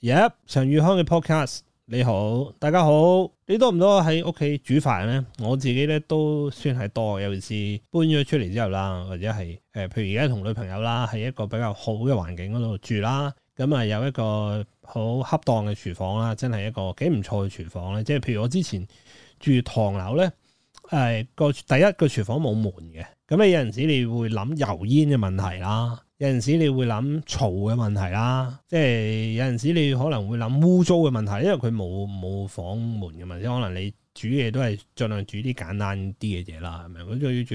Yep，常宇康嘅 podcast，你好，大家好。你多唔多喺屋企煮飯咧？我自己咧都算係多，尤其是搬咗出嚟之後啦，或者係誒、呃，譬如而家同女朋友啦，喺一個比較好嘅環境嗰度住啦，咁啊有一個好恰當嘅廚房啦，真係一個幾唔錯嘅廚房咧。即係譬如我之前住唐樓咧，誒、呃、個第一個廚房冇門嘅，咁你有陣時你會諗油煙嘅問題啦。有陣時你會諗嘈嘅問題啦，即係有陣時你可能會諗污糟嘅問題，因為佢冇冇房門嘅問題，即可能你煮嘢都係盡量煮啲簡單啲嘅嘢啦。係咪？我仲要住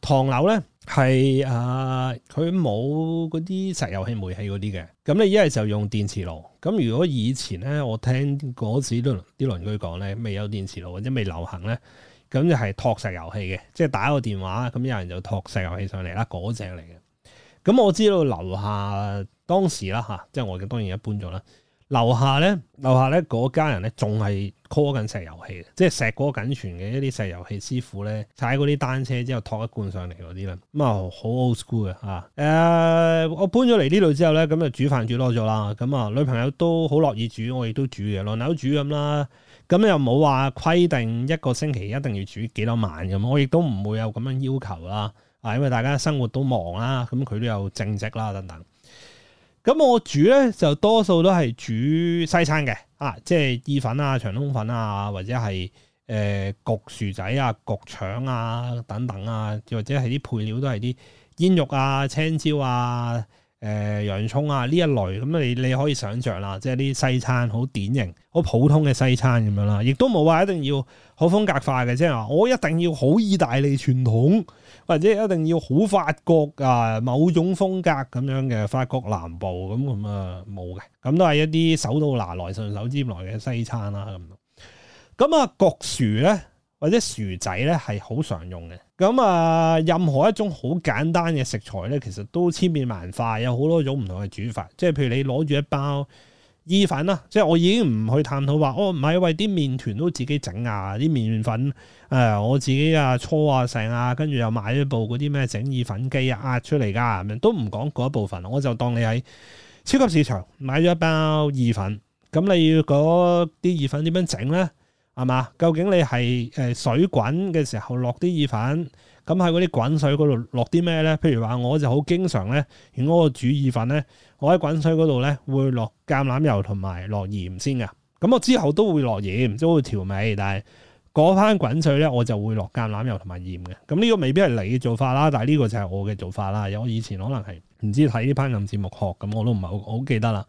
唐樓咧，係啊，佢冇嗰啲石油氣、煤氣嗰啲嘅，咁你一係就用電磁爐。咁如果以前咧，我聽嗰時都啲鄰居講咧，未有電磁爐或者未流行咧，咁就係托石油氣嘅，即係打個電話，咁有人就托石油氣上嚟啦，嗰隻嚟嘅。咁、嗯、我知道樓下當時啦嚇、啊，即係我當然一搬咗啦。樓下咧，樓下咧嗰家人咧仲係 call 緊石油氣，即係石嗰緊存嘅一啲石油氣師傅咧，踩嗰啲單車之後托一罐上嚟嗰啲啦。咁、嗯、啊，好 old school 嘅嚇。誒，我搬咗嚟呢度之後咧，咁、嗯、就煮飯煮多咗啦。咁、嗯、啊，女朋友都好樂意煮，我亦都煮嘅，輪流煮咁啦。咁又冇話規定一個星期一定要煮幾多晚咁，我亦都唔會有咁樣要求啦。嗯嗯嗯嗯因為大家生活都忙啦，咁佢都有正職啦等等。咁我煮咧就多數都係煮西餐嘅啊，即係意粉啊、長通粉啊，或者係誒、呃、焗薯仔啊、焗腸啊等等啊，或者係啲配料都係啲煙肉啊、青椒啊。誒、呃、洋葱，啊呢一類咁，你你可以想像啦，即係啲西餐好典型、好普通嘅西餐咁樣啦，亦都冇話一定要好風格化嘅，即係話我一定要好意大利傳統，或者一定要好法國啊某種風格咁樣嘅法國南部咁咁啊，冇嘅，咁都係一啲手到拿來順手拈來嘅西餐啦咁。咁啊焗薯咧或者薯仔咧係好常用嘅。咁啊、嗯，任何一種好簡單嘅食材咧，其實都千變萬化，有好多種唔同嘅煮法。即係譬如你攞住一包意粉啦，即係我已經唔去探討話，哦唔係，喂啲麵團都自己整啊，啲麵粉誒、呃、我自己啊搓啊成啊，跟住又買咗部嗰啲咩整意粉機啊壓出嚟噶，咁樣都唔講嗰一部分，我就當你喺超級市場買咗一包意粉，咁你要嗰啲意粉點樣整咧？係嘛？究竟你係誒水滾嘅時候落啲意粉，咁喺嗰啲滾水嗰度落啲咩咧？譬如話我就好經常咧，如果我煮意粉咧，我喺滾水嗰度咧會落橄欖油同埋落鹽先嘅。咁我之後都會落鹽，唔知會調味，但係嗰班滾水咧我就會落橄欖油同埋鹽嘅。咁呢個未必係你嘅做法啦，但係呢個就係我嘅做法啦。我以前可能係唔知睇呢班節目學，咁我都唔係好好記得啦。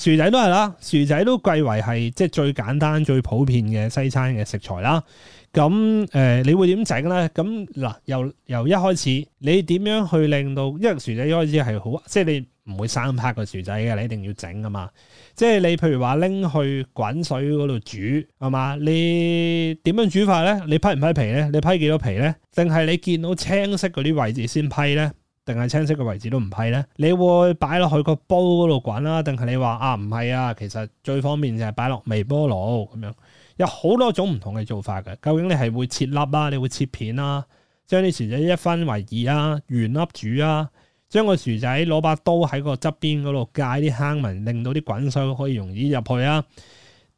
薯仔都係啦，薯仔都貴為係即係最簡單、最普遍嘅西餐嘅食材啦。咁誒、呃，你會點整咧？咁嗱、呃，由由一開始，你點樣去令到因為薯仔一開始係好，即係你唔會生劈個薯仔嘅，你一定要整㗎嘛。即係你譬如話拎去滾水嗰度煮係嘛？你點樣煮法咧？你批唔批皮咧？你批幾多皮咧？定係你見到青色嗰啲位置先批咧？定係青色嘅位置都唔係咧，你會擺落去個煲嗰度滾啦，定係你話啊唔係啊，其實最方便就係擺落微波爐咁樣，有好多種唔同嘅做法嘅。究竟你係會切粒啊，你會切片啊，將啲薯仔一分為二啊，原粒煮啊，將個薯仔攞把刀喺個側邊嗰度界啲坑紋，令到啲滾水可以容易入去啊，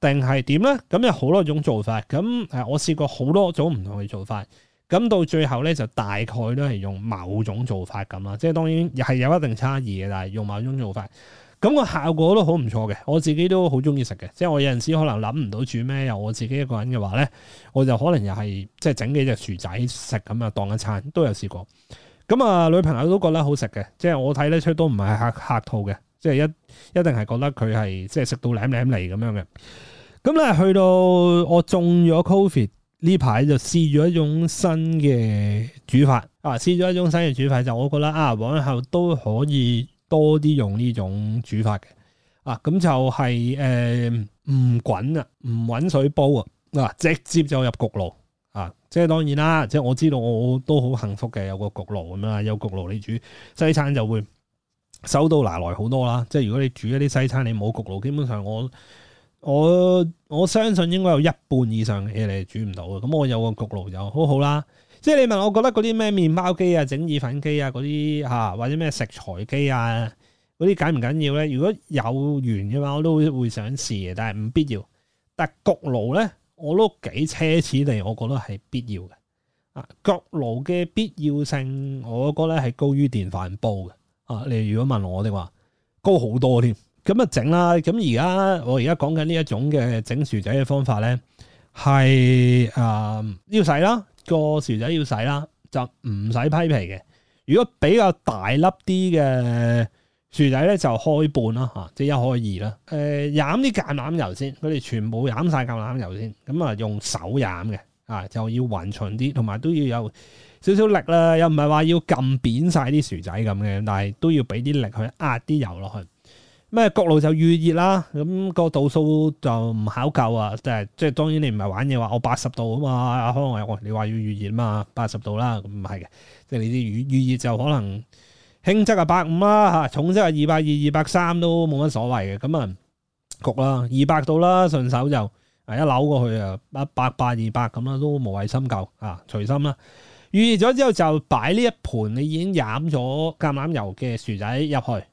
定係點咧？咁有好多種做法，咁誒，我試過好多種唔同嘅做法。咁到最後咧，就大概都係用某種做法咁啦，即係當然係有一定差異嘅，但係用某種做法，咁個效果都好唔錯嘅。我自己都好中意食嘅，即係我有陣時可能諗唔到煮咩，又我自己一個人嘅話咧，我就可能又係即係整幾隻薯仔食咁啊，當一餐都有試過。咁啊，女朋友都覺得好食嘅，即係我睇得出都唔係客客套嘅，即係一一定係覺得佢係即係食到舐舐嚟咁樣嘅。咁咧去到我中咗 Covid。呢排就試咗一種新嘅煮法，啊，試咗一種新嘅煮法，就我覺得啊，往後都可以多啲用呢種煮法嘅，啊，咁就係誒唔滾啊，唔滾水煲啊，啊，直接就入焗爐啊，即係當然啦，即係我知道我都好幸福嘅，有個焗爐咁樣啊，有焗爐你煮西餐就會手到拿來好多啦，即係如果你煮一啲西餐你冇焗爐，基本上我。我我相信應該有一半以上嘅嘢你煮唔到嘅，咁我有個焗爐就好好啦。即係你問我，我覺得嗰啲咩麵包機啊、整意粉機啊嗰啲嚇，或者咩食材機啊嗰啲緊唔緊要咧？如果有緣嘅話，我都會想試嘅，但係唔必要。但焗爐咧，我都幾奢侈地，我覺得係必要嘅。啊，焗爐嘅必要性，我覺得係高於電飯煲嘅。啊，你如果問我嘅話，高好多添。咁啊整啦！咁而家我而家講緊呢一種嘅整薯仔嘅方法咧，係誒、呃、要洗啦，個薯仔要洗啦，就唔使批皮嘅。如果比較大粒啲嘅薯仔咧，就開半啦吓，啊，即係一開二啦。誒、呃，染啲橄欖油先，佢哋全部染晒橄欖油先。咁，嗯、啊，用手染嘅啊，就要勻勻啲，同埋都要有少少力啦。又唔係話要撳扁晒啲薯仔咁嘅，但係都要俾啲力去壓啲油落去。咩焗爐就預熱啦，咁、那個度數就唔考究啊！即係即係當然你唔係玩嘢話，我八十度啊嘛。阿、啊、康你話要預熱嘛？八十度啦，咁係嘅。即係你啲預預熱就可能輕則啊百五啦嚇，重則啊二百二二百三都冇乜所謂嘅。咁啊焗啦，二百度啦，順手就一扭過去啊，一百百二百咁啦，都無謂深究啊，隨心啦。預熱咗之後就擺呢一盤你已經飲咗橄欖油嘅薯仔入去。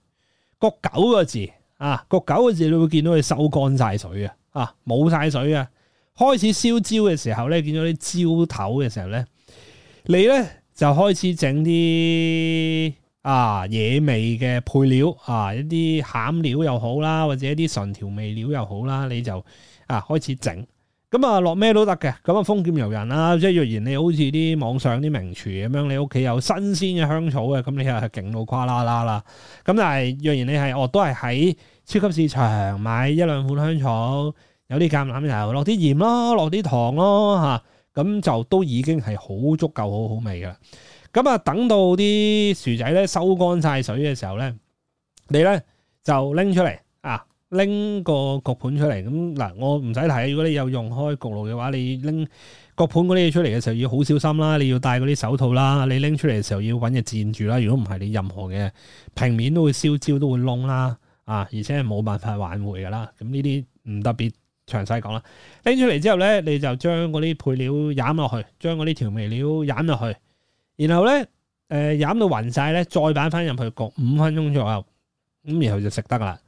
焗九個字啊，焗九個字你會見到佢收乾晒水啊，啊冇晒水啊，開始燒焦嘅時候咧，見到啲焦頭嘅時候咧，你咧就開始整啲啊野味嘅配料啊，一啲餡料又好啦，或者一啲純調味料又好啦，你就啊開始整。咁啊落咩都得嘅，咁啊風劍遊人啦，即係若然你好似啲網上啲名廚咁樣，你屋企有新鮮嘅香草嘅，咁你係係勁到誇啦啦啦。咁但係若然你係，我、哦、都係喺超級市場買一兩款香草，有啲橄欖油落啲鹽咯，落啲糖咯嚇，咁、啊、就都已經係好足夠好好味㗎喇。咁、嗯、啊等到啲薯仔咧收乾晒水嘅時候咧，你咧就拎出嚟啊！拎個焗盤出嚟咁嗱，我唔使睇。如果你有用開焗爐嘅話，你拎焗盤嗰啲嘢出嚟嘅時候要好小心啦，你要戴嗰啲手套啦。你拎出嚟嘅時候要揾嘢墊住啦。如果唔係，你任何嘅平面都會燒焦，都會燶啦。啊，而且係冇辦法挽回噶啦。咁呢啲唔特別詳細講啦。拎出嚟之後咧，你就將嗰啲配料攬落去，將嗰啲調味料攬落去，然後咧誒攬到勻晒咧，再擺翻入去焗五分鐘左右，咁然後就食得啦。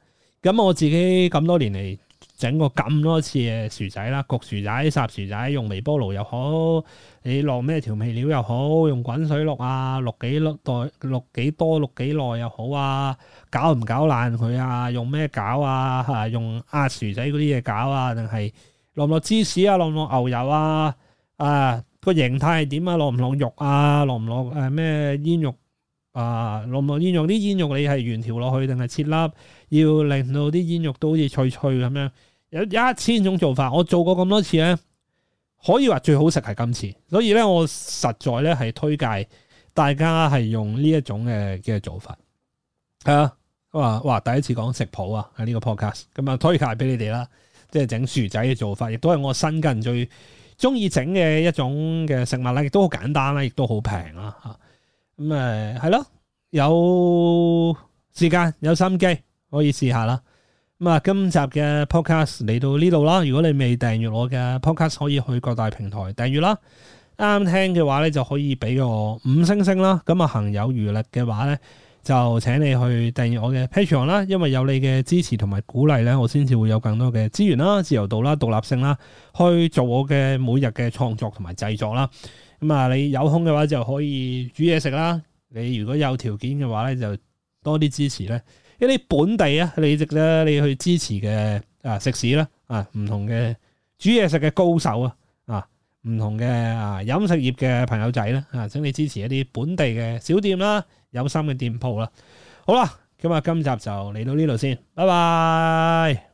咁、嗯、我自己咁多年嚟整過咁多次嘅薯仔啦，焗薯仔、烚薯仔，用微波爐又好，你落咩調味料又好，用滾水淥啊，淥幾，幾，幾，幾耐，淥幾多，淥幾耐又好啊，搞唔搞爛佢啊？用咩攪啊？啊，用壓、啊、薯仔嗰啲嘢攪啊？定係落唔落芝士啊？落唔落牛油啊？啊，個形態係點啊？落唔落肉啊？落唔落誒咩煙肉？啊！羅木煙肉啲煙肉，煙肉你係原條落去定係切粒？要令到啲煙肉都好似脆脆咁樣，有一千種做法。我做過咁多次咧，可以話最好食係今次。所以咧，我實在咧係推介大家係用呢一種嘅嘅做法。係啊，哇哇！第一次講食譜啊，喺呢個 podcast 咁啊，推介俾你哋啦。即係整薯仔嘅做法，亦都係我新近最中意整嘅一種嘅食物啦。亦都好簡單啦，亦都好平啦吓。咁誒係咯，有時間有心機可以試下啦。咁啊，今集嘅 podcast 嚟到呢度啦。如果你未訂閱我嘅 podcast，可以去各大平台訂閱啦。啱聽嘅話咧就可以俾個五星星啦。咁啊，行有餘力嘅話咧。就請你去訂閱我嘅 Patreon 啦，因為有你嘅支持同埋鼓勵咧，我先至會有更多嘅資源啦、自由度啦、獨立性啦，去做我嘅每日嘅創作同埋製作啦。咁、嗯、啊，你有空嘅話就可以煮嘢食啦。你如果有條件嘅話咧，就多啲支持咧一啲本地啊，你值得你去支持嘅啊食肆啦啊，唔、啊、同嘅煮嘢食嘅高手啊。唔同嘅啊飲食業嘅朋友仔啦，啊，請你支持一啲本地嘅小店啦，有心嘅店鋪啦。好啦，咁啊今集就嚟到呢度先，拜拜。